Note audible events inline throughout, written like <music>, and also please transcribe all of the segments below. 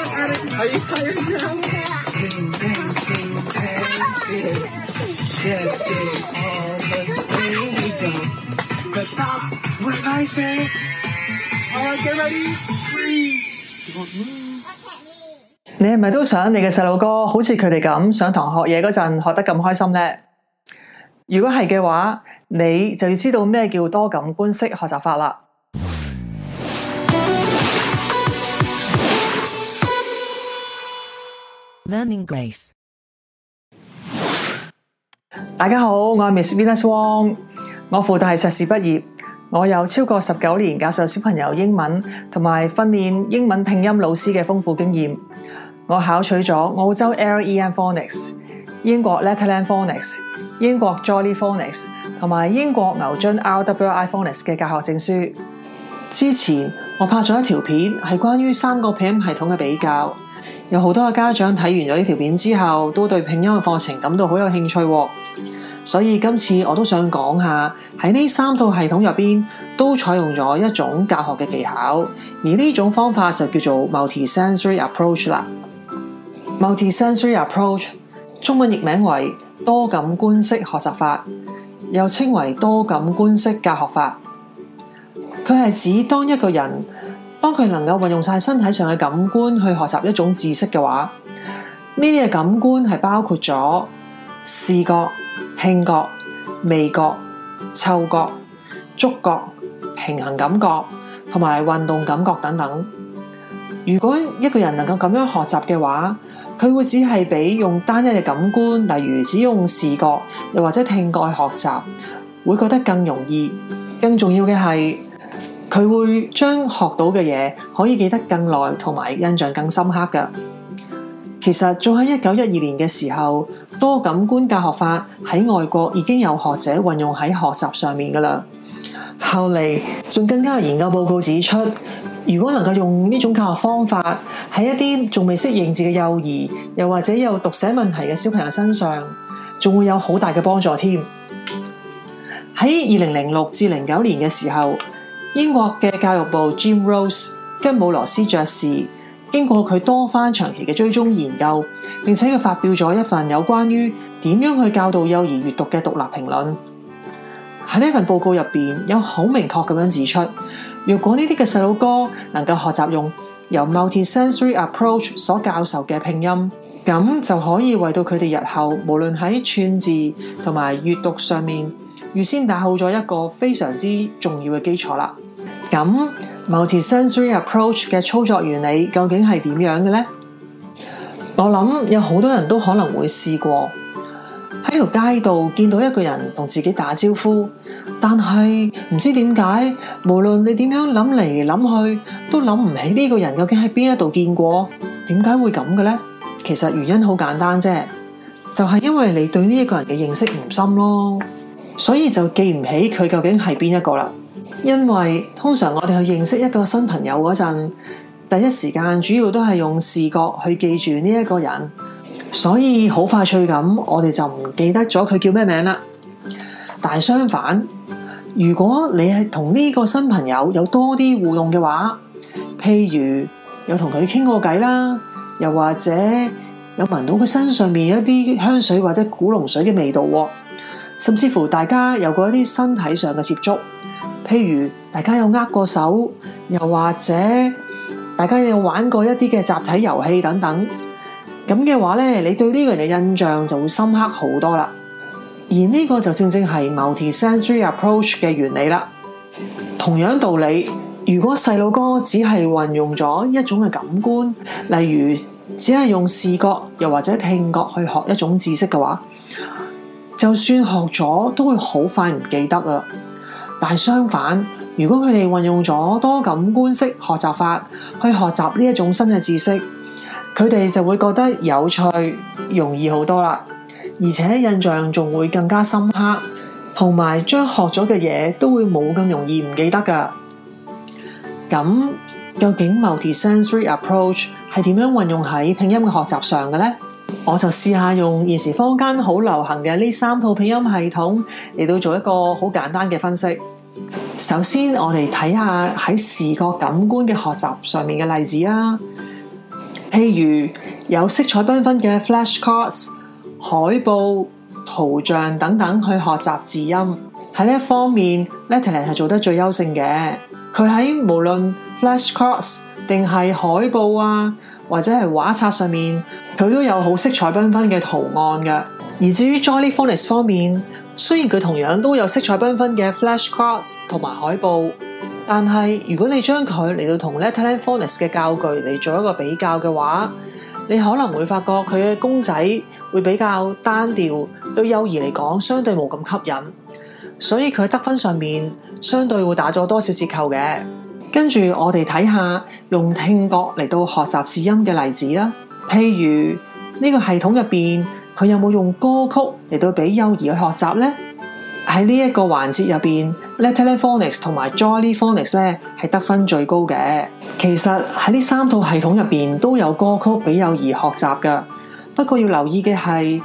<noise> 你係咪都想你嘅細路哥好似佢哋咁上堂學嘢嗰陣學得咁開心咧？如果係嘅話，你就要知道咩叫多感官式學習法啦。Learning Grace，大家好，我係 Miss Venus Wong，我附帶係碩士畢業，我有超過十九年教授小朋友英文同埋訓練英文拼音老師嘅豐富經驗。我考取咗澳洲 LEM Phonics、英國 Letterland Phonics、英國 Jolly Phonics 同埋英國牛津 RWI Phonics 嘅教學證書。之前我拍咗一條片，係關於三個拼音系統嘅比較。有好多嘅家長睇完咗呢條片之後，都對拼音嘅課程感到好有興趣喎，所以今次我都想講下喺呢三套系統入邊都採用咗一種教學嘅技巧，而呢種方法就叫做 multi-sensory approach 啦。multi-sensory approach 中文譯名為多感官式學習法，又稱為多感官式教學法。佢係指當一個人。當佢能夠運用晒身體上嘅感官去學習一種知識嘅話，呢啲嘅感官係包括咗視覺、聽覺、味覺、嗅覺、觸覺、平衡感覺同埋運動感覺等等。如果一個人能夠咁樣學習嘅話，佢會只係比用單一嘅感官，例如只用視覺又或者聽覺去學習，會覺得更容易。更重要嘅係。佢會將學到嘅嘢可以記得更耐，同埋印象更深刻嘅。其實早喺一九一二年嘅時候，多感官教學法喺外國已經有學者運用喺學習上面㗎喇。後嚟仲更加有研究報告指出，如果能夠用呢種教學方法喺一啲仲未識認字嘅幼兒，又或者有讀寫問題嘅小朋友身上，仲會有好大嘅幫助添。喺二零零六至零九年嘅時候。英國嘅教育部 Jim Rose 金姆·羅斯爵士，經過佢多番長期嘅追蹤研究，並且佢發表咗一份有關於點樣去教導幼兒閱讀嘅獨立評論。喺呢份報告入面，有好明確咁樣指出，如果呢啲嘅細路哥能夠學習用由 multisensory approach 所教授嘅拼音，咁就可以為到佢哋日後無論喺串字同埋閱讀上面。預先打好咗一個非常之重要嘅基礎啦。咁 multi-sensory approach 嘅操作原理究竟係點樣嘅呢？我諗有好多人都可能會試過喺條街度見到一個人同自己打招呼，但係唔知點解，無論你點樣諗嚟諗去，都諗唔起呢個人究竟喺邊一度見過，點解會咁嘅呢？其實原因好簡單啫，就係因為你對呢一個人嘅認識唔深咯。所以就記唔起佢究竟係邊一個啦，因為通常我哋去認識一個新朋友嗰陣，第一時間主要都係用視覺去記住呢一個人，所以好快脆咁，我哋就唔記得咗佢叫咩名啦。但係相反，如果你係同呢個新朋友有多啲互動嘅話，譬如有同佢傾過偈啦，又或者有聞到佢身上面有一啲香水或者古龍水嘅味道。甚至乎大家有過一啲身體上嘅接觸，譬如大家有握過手，又或者大家有玩過一啲嘅集體遊戲等等，咁嘅話呢，你對呢個人嘅印象就會深刻好多啦。而呢個就正正係 multi sensory approach 嘅原理啦。同樣道理，如果細路哥只係運用咗一種嘅感官，例如只係用視覺，又或者聽覺去學一種知識嘅話，就算學咗都會好快唔記得啊！但相反，如果佢哋運用咗多感官式學習法去學習呢一種新嘅知識，佢哋就會覺得有趣、容易好多啦，而且印象仲會更加深刻，同埋將學咗嘅嘢都會冇咁容易唔記得㗎。咁究竟 multi-sensory approach 係點樣運用喺拼音嘅學習上嘅呢？我就試下用現時坊間好流行嘅呢三套拼音系統嚟到做一個好簡單嘅分析。首先，我哋睇下喺視覺感官嘅學習上面嘅例子啦。譬如有色彩繽紛嘅 flashcards、海報、圖像等等去學習字音。喺呢一方面，Letterland 係做得最優勝嘅。佢喺無論 flashcards 定係海報啊，或者係畫冊上面，佢都有好色彩繽紛嘅圖案嘅。而至於 Jolly Phonics 方面，雖然佢同樣都有色彩繽紛嘅 Flashcards 同埋海報，但係如果你將佢嚟到同 Letterland Phonics 嘅教具嚟做一個比較嘅話，你可能會發覺佢嘅公仔會比較單調，對幼兒嚟講相對冇咁吸引，所以佢得分上面相對會打咗多少折扣嘅。跟住我哋睇下用聽覺嚟到學習字音嘅例子啦。譬如呢個系統入邊，佢有冇用歌曲嚟到俾幼兒去學習呢？喺呢一個環節入邊，Letterland Phonics 同埋 Jolly Phonics 咧係得分最高嘅。其實喺呢三套系統入邊都有歌曲俾幼兒學習嘅。不過要留意嘅係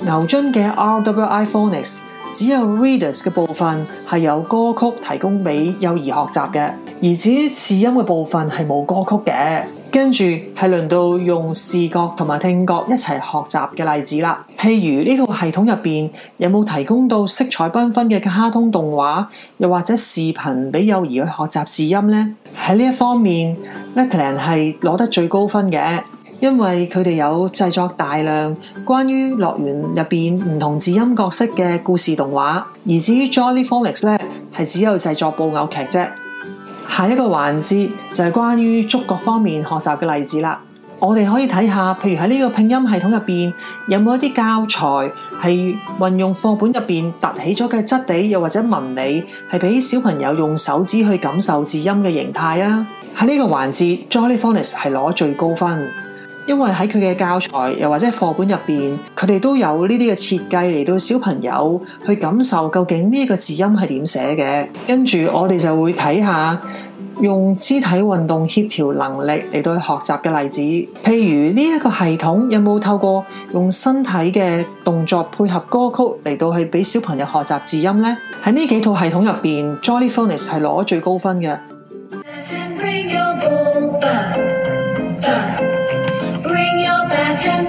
牛津嘅 RWI Phonics 只有 Readers 嘅部分係有歌曲提供俾幼兒學習嘅，而至於字音嘅部分係冇歌曲嘅。跟住係輪到用視覺同埋聽覺一齊學習嘅例子啦。譬如呢套系統入邊有冇提供到色彩繽紛嘅卡通動畫，又或者視頻俾幼兒去學習字音呢？喺呢一方面，Letterland 係攞得最高分嘅，因為佢哋有製作大量關於樂園入邊唔同字音角色嘅故事動畫。而至於 Jolly Phonics 咧，係只有製作布偶劇啫。下一個環節就係關於觸覺方面學習嘅例子啦。我哋可以睇下，譬如喺呢個拼音系統入面，有冇一啲教材係運用課本入面凸起咗嘅質地，又或者紋理，係俾小朋友用手指去感受字音嘅形態啊？喺呢個環節，Jolly Phonics 係攞最高分。因為喺佢嘅教材又或者課本入邊，佢哋都有呢啲嘅設計，嚟到小朋友去感受究竟呢一個字音係點寫嘅。跟住我哋就會睇下用肢體運動協調能力嚟到去學習嘅例子。譬如呢一個系統有冇透過用身體嘅動作配合歌曲嚟到去俾小朋友學習字音呢？喺呢幾套系統入邊 Jolly Phonics 係攞最高分嘅。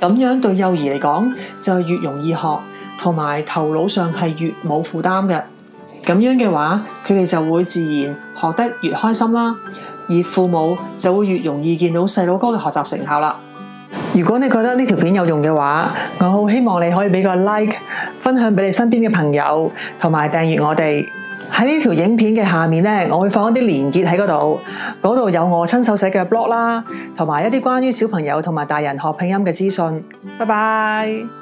咁樣對幼兒嚟講就越容易學，同埋頭腦上係越冇負擔嘅。咁樣嘅話，佢哋就會自然學得越開心啦，而父母就會越容易見到細佬哥嘅學習成效啦。如果你覺得呢條片有用嘅話，我好希望你可以俾個 like，分享俾你身邊嘅朋友，同埋訂閱我哋。喺呢條影片嘅下面呢，我會放一啲連結喺嗰度，嗰度有我親手寫嘅 blog 啦，同埋一啲關於小朋友同埋大人學拼音嘅資訊。拜拜。